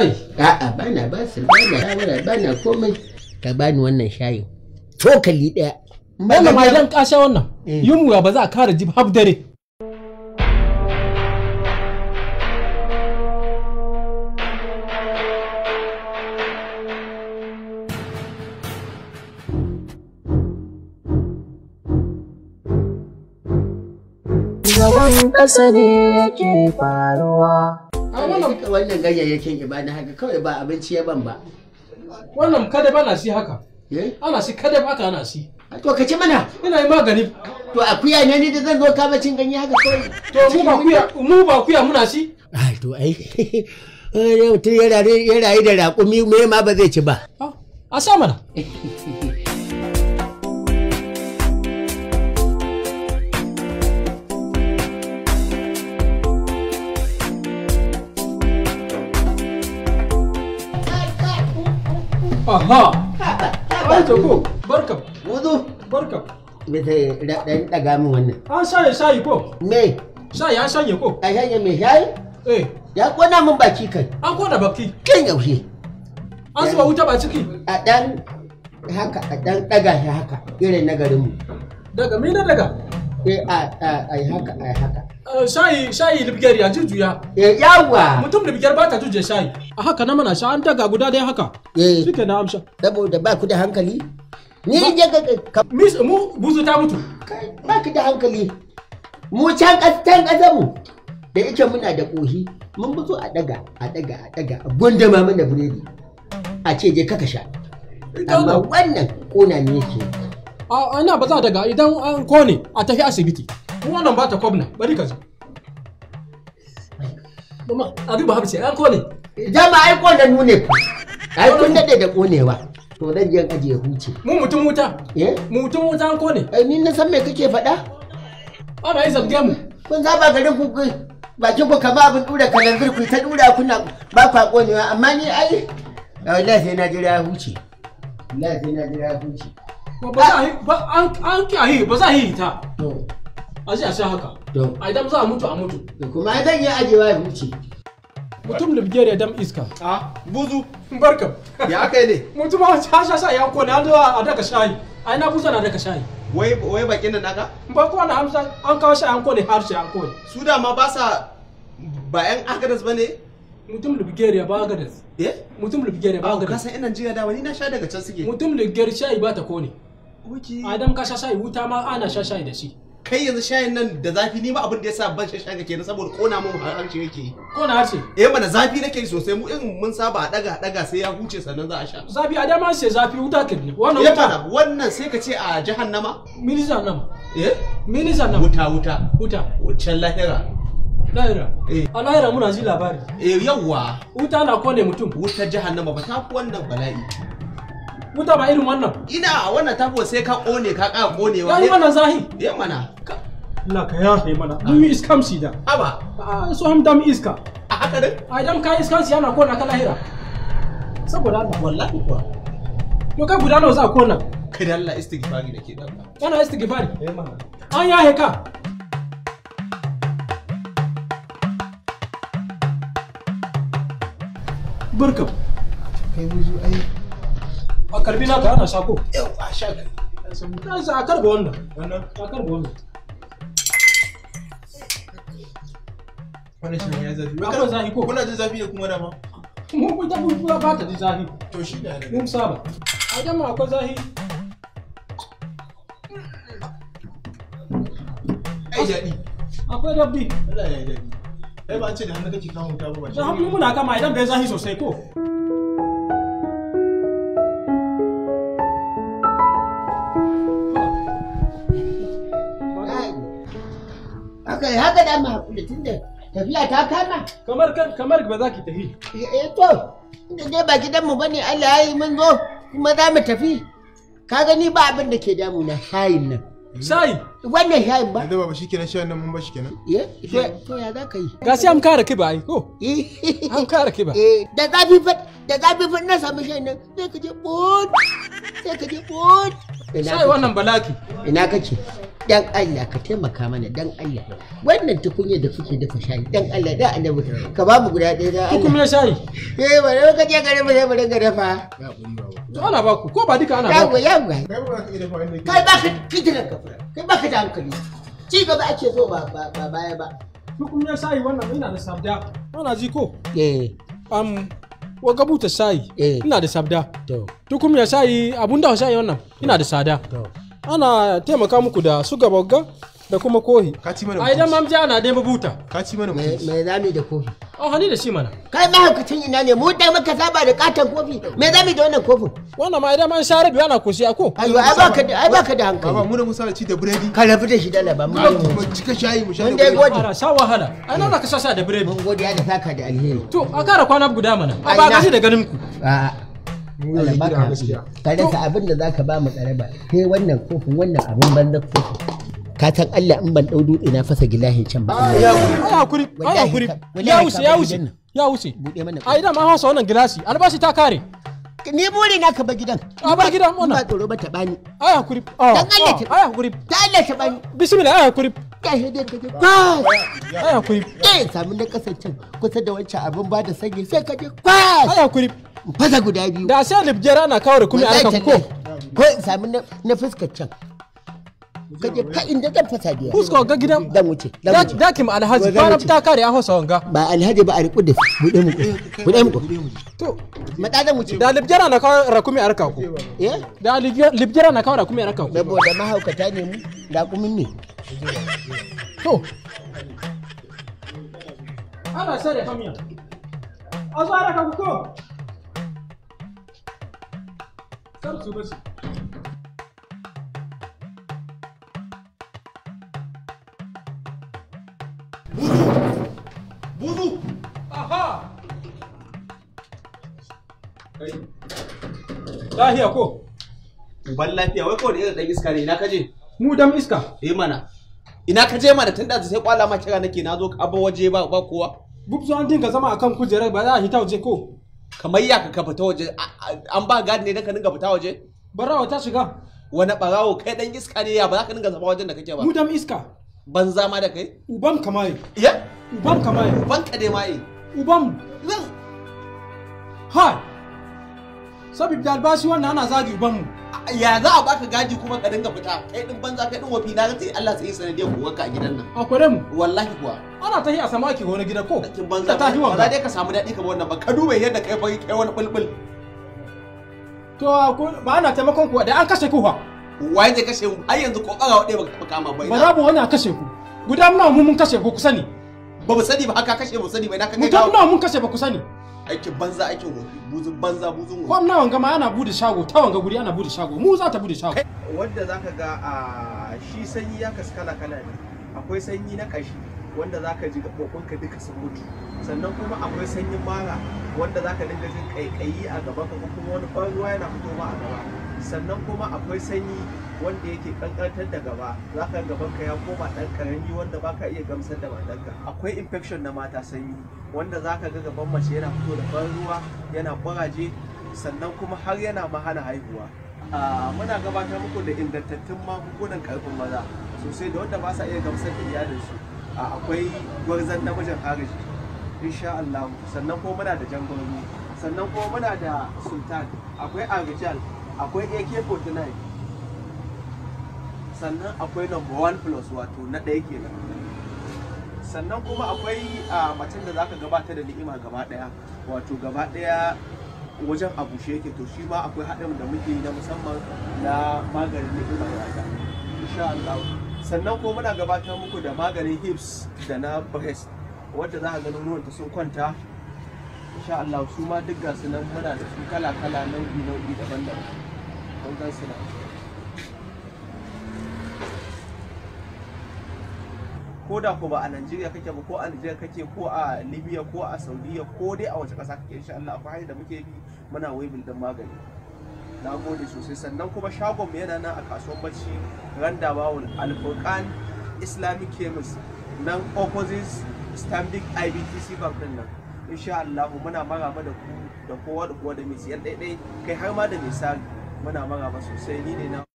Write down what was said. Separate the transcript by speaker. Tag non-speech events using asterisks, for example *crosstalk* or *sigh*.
Speaker 1: A'a bana basir bana yawara bana komai. Ka bani wannan shayin. Cokali ɗaya. Wannan ma idan ka wannan. Eh. Yunwa ba za a kara jib har dare. Zagon ƙasa ne yake faruwa. wannan wannan ganyayyakin ibada haka kawai ba abinci ya ban ba wannan kada ba na si haka eh? ana si kada ba haka ana si to ka ci mana ina yi magani to akuya ne ni da zan zo kama cin ganye haka kawai to mu ba akuya mu ba akuya muna si ai to ai *laughs* eh, mutum ya rayu da raƙumi me ma ba zai ci ba ah, a sa mana *laughs* Aha! Aisha ko, barka. Wudu. Barka. Me ta ɗan ɗaga min wannan. An shaye shayi ko? Me? Shayi an shanye ko? A shanye me shayi? Eh. Ya kona min baki kai. An kona baki. Kin yaushe. An zuba wuta ba ciki. A ɗan haka a ɗan ɗaga shi haka irin na garinmu. Daga me na daga? Eh a a haka a haka. Eh, shayi shayi libgar ya ya eh, yawa mutum libgar ba ta juje shayi a haka na mana sha an daga guda dai haka eh. shike na amsha saboda ba ku da hankali ni je ka mis mu buzu ta mutu ba ku da hankali mu can kastan kazamu da yake muna da kohi mun buzo a daga a daga a daga gonda ma mana buredi a ce je kaka sha amma wannan kona ne yake a ina ba za daga idan an kone a tafi asibiti wannan ba ta kwabna bari ka zo mama abin ba habce an kone dama ai kone nune ku ai kun dade da konewa to dan je je huce mu mutum wuta eh mu mutum wuta an kone ai ni na san me kake faɗa ana yi zabge mu kun zaba garin ku bakin ku kama abin dura kalanzir ku ta dura kuna ba kwa konewa amma ni ai wallahi sai na jira ya huce wallahi sai na jira ya huce ba an ki yi ba za a yi ta a ji a sha haka a idan za a mutu a mutu kuma ai zan yi ajewa ya huce mutum libgiyar ya dam iska a buzu barka ya aka yi ne mutum a sha sha ya kone an zuwa a daka shayi ai na kusa na daga shayi wai wai bakin nan daga. ba ko na hamsa an kawo shi an kone harshe an kone su da ma ba sa ba yan agadas bane mutum libgiyar ba agadas eh mutum libgiyar ba agadas ka san ina jiya da wani na sha daga can suke mutum libgiyar shayi ba ta kone Adam ka sha shayi wuta ma ana sha shayi da shi. kai yanzu shayin nan da zafi ni ma abin da yasa ban shan shaga kenan saboda kona mun harshe yake yi kona harshe eh mana zafi nake sosai mu in mun saba a daga daga sai ya huce sannan za a sha zafi a dama sai zafi wuta ka ne wannan eh wuta wannan sai ka ce a jahannama mini jahannama eh mini jahannama wuta wuta wuta wucin lahira lahira eh a lahira muna ji labari eh yawwa wuta na kone mutum wutar jahannama ba ta fi wannan bala'i wuta ba irin wannan ina wannan tabo sai ka kone ka ka kone wa yayi mana zahi yayi mana Allah ka y'a fi mana mun yi iskam si da aba so ham dam iska a haka dai a dam ka iskan si yana kona ka lahira saboda Allah wallahi kuwa to kai guda nawa za a kona kai da Allah istighfari da ke da Allah kana istighfari yayi mana an y'a heka. barkam kai wuzu ai a karbi na ta ana a sha ka sa a wannan wannan a wannan shi ya zafi ba zafi ko kuna zafi kuma dama mu ku ta ba ta ji zafi to shi da mun saba a ma akwai zafi ai akwai Allah ya ai ba ce da hannu kake kawo ba ba da hannu muna kama idan bai zafi sosai ko
Speaker 2: haka haka da ma
Speaker 1: hakuri tunda tafiya ta kama kamar kan kamar ba za ki tafi eh, eh to inda dai ba gidan mu bane Allah yayi mun zo kuma za mu tafi ka gani ba abin da ke damu na shayin nan shayi wannan shayin ba da ba shi kenan shayin nan mun ba shi eh to ya za ka yi ga sai am kara kiba ai ko eh. am kara kiba eh da zafi fa da zafi fa na samu shayin nan sai ka je bot sai ka je bot sai wannan balaki ina kake dan Allah ka taimaka mana dan Allah wannan tukunya da kuke dafa shayi dan Allah da mutum. ka ba mu guda ɗaya da Allah tukunya shayi eh ba ne kake gare mu sai mu dinga dafa to ana ba ku ko ba duka ana ba ku yawa kai ba ka kidira ka kai ba ka da hankali ci gaba ake so ba ba baya ba tukunya shayi wannan ina da sabda ana ji ko eh am wa gabuta sai eh. ina da sabda tukum ya sai abun da sayi wannan ina da sada ana taimaka muku da su ga. da kuma kohi ka ci mana ai dan mam ja na dai buta ka ci mana me zami da kofi oh hani da shi mana kai ba ka cin ina ne mu da muka saba da katan kofi me zami da wannan kofin wannan ma idan man sharabi ana na a ko. ayo ai ba ka ai ba ka da hankali baba mu da musa ci da biredi ka rafi da shi da laba mu mu cika shayi mu sha da gode. ara sha wahala ai nan ka sha da biredi mun godiya da saka da alheri to a kara kwana guda mana a ba ka shi da ganin ku a'a Allah baka ka abin da zaka ba mu tsare ba sai wannan kofin wannan abin banza kofin ka san Allah in ban dau dutse na fasa gilahin can ba Ya ah, hakuri ya hakuri ya wuce ya wuce ya wuce bude mana ai da ma hausa wannan gilashi albashi ta kare ni buri na ka ba gidan a ba gidan wannan ba tsoro ba ta bani ah, ah, ai hakuri dan Allah ta ai hakuri ta Allah ta bani bismillah ai hakuri kai dai ka kai ai hakuri eh samu na can kusa da wancan abin ba da sange sai ka je kwas ai hakuri fasa guda biyu da sai libjera na kawo da kuma arkan ko ko samu na fuskar can kaje fa inda zan fasa biya kusko ga gidan dan wuce dan wuce da kim alhaji fara ta kare an hausa wanga ba alhaji ba a riku da mu dai mu mu dai mu to mata dan wuce da libjara na kawo rakumi arka ku eh da libjara na kawo rakumi arka ku saboda mahaukata ne mu da kumin ne to ana sare hamiya a zo araka ku ko Sarsu bace. Lahiya ko? Ban lafiya wai kawai da ɗan iska ne ina kaje? Mu dam iska. Eh mana. Ina kaje mana tun da sai kwala ma kira nake na zo abba waje ba ba kowa. Bubzo an dinga zama akan kujerar ba za a hita waje ko? Kamar ya ka fita waje an ba gadi ne da ka dinga fita waje? Barawa ta shiga. Wani barawo kai dan iska ne ya ba za ka dinga zama wajen da kake ba. Mu dam iska. Ban zama da kai? Uban kamaye. Ya? Uban kamaye. Uban ka dai ma'i. Uban. Ha! da albashi wannan ana zagi ban mu ya za a baka gaji kuma ka dinga fita kai din banza kai din wafi na sai Allah sai sanadiyar kuwa ka a gidan nan a kware mu wallahi kuwa ana tahi a sama ake wani gida ko kin banza ta hiwa ba dai ka samu daɗi kamar wannan ba ka dube yadda kai fai kai wani bulbul to ba ana taimakon ku da an kashe ku fa wai zai kashe mu har yanzu ko wa wadai baka kama ba ba za mu wani a kashe ku guda muna mun kashe ku ku sani ba mu sani ba haka kashe mu sani bai na kai ga mu mun kashe ba ku sani aikin banza aikin buzun banza buzun wani wannan wanga ma ana bude shago ta wanga guri ana bude shago mu za ta bude shago wanda zaka ga a shi sanyi ya kaskala kala ne akwai sanyi na kashi wanda zaka ji ka duka sun mutu sannan kuma akwai sanyin mara wanda zaka dinga jin ƙaiƙayi a gaban ka kuma wani ban ruwa yana fito ma a gaba sannan kuma akwai sanyi wanda yake kankantar da gaba zaka gaban ka ya koma dan karami wanda baka iya gamsar da matanka. akwai infection na mata sanyi wanda za ka ga gaban mace yana fito da ban ruwa yana ƙwaraje sannan kuma har yana mahana haihuwa muna gabatar muku da ingantattun magungunan karfin maza sosai da wanda ba sa iya gamsar da iyalinsu akwai gwarzon namijin haraji insha Allah sannan kuma muna da jan gwarzo sannan kuma muna da sultan akwai arjal akwai ak-49 sannan akwai number one plus wato na ɗaya kenan sannan kuma akwai macen da za ka gabata da ni'ima gaba daya wato gaba daya wajen abu shi yake to shi ma akwai haɗin da muke na musamman na maganin ni'ima ya haka insha Allah sannan kuma muna gabatar muku da maganin hips da na breast wadda za ka ga ta sun kwanta insha Allah su ma duk gasu nan muna da su kala kala nau'i nau'i daban-daban kun gan su ko da ko ba a Najeriya kake ba ko a Najeriya kake ko a Libya ko a Saudiya ko dai a wace ƙasa kake insha Allah akwai hanyar da muke bi muna waibin din magani na gode sosai sannan kuma shagon yana nan a kasuwar bacci randa bawul alfurkan islamic chemist nan opposite standing ibtc bank din nan insha Allah muna maraba da ku da kowa da kowa da mai siyan ɗaiɗai kai har ma da mai sari muna maraba sosai ni ne na